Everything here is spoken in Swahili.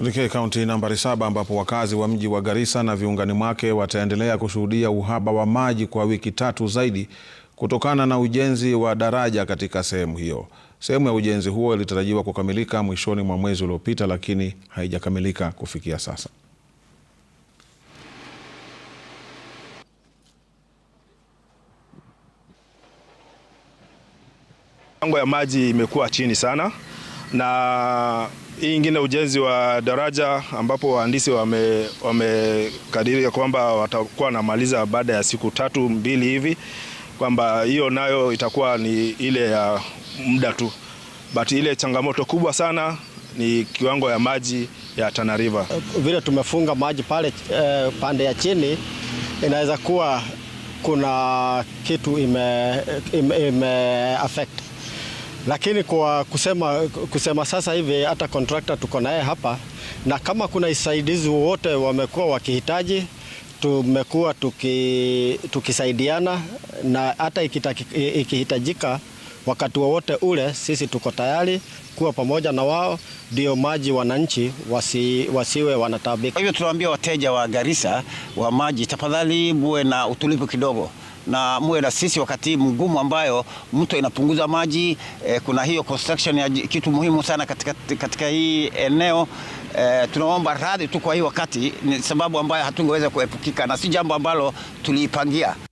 Tuelekee kaunti nambari saba ambapo wakazi wa mji wa Garissa na viungani mwake wataendelea kushuhudia uhaba wa maji kwa wiki tatu zaidi kutokana na ujenzi wa daraja katika sehemu hiyo. Sehemu ya ujenzi huo ilitarajiwa kukamilika mwishoni mwa mwezi uliopita lakini haijakamilika kufikia sasa. Mipango ya maji imekuwa chini sana na hii ingine ujenzi wa daraja ambapo wahandisi wamekadiria wame kwamba watakuwa wanamaliza baada ya siku tatu mbili hivi, kwamba hiyo nayo itakuwa ni ile ya muda tu, but ile changamoto kubwa sana ni kiwango ya maji ya Tana River. Vile tumefunga maji pale eh, pande ya chini, inaweza kuwa kuna kitu ime, ime, ime affect lakini kwa kusema, kusema sasa hivi hata kontrakta tuko naye hapa, na kama kuna isaidizi wote wamekuwa wakihitaji tumekuwa tuki, tukisaidiana na hata ikihitajika wakati wowote ule sisi tuko tayari kuwa pamoja na wao, ndio maji wananchi wasi, wasiwe wanatabika. Hivyo tunawaambia wateja wa Garissa wa maji, tafadhali muwe na utulivu kidogo na muwe na sisi wakati mgumu ambayo mto inapunguza maji e, kuna hiyo construction ya kitu muhimu sana katika, katika hii eneo e, tunaomba radhi tu kwa hii wakati, ni sababu ambayo hatungeweza kuepukika na si jambo ambalo tuliipangia.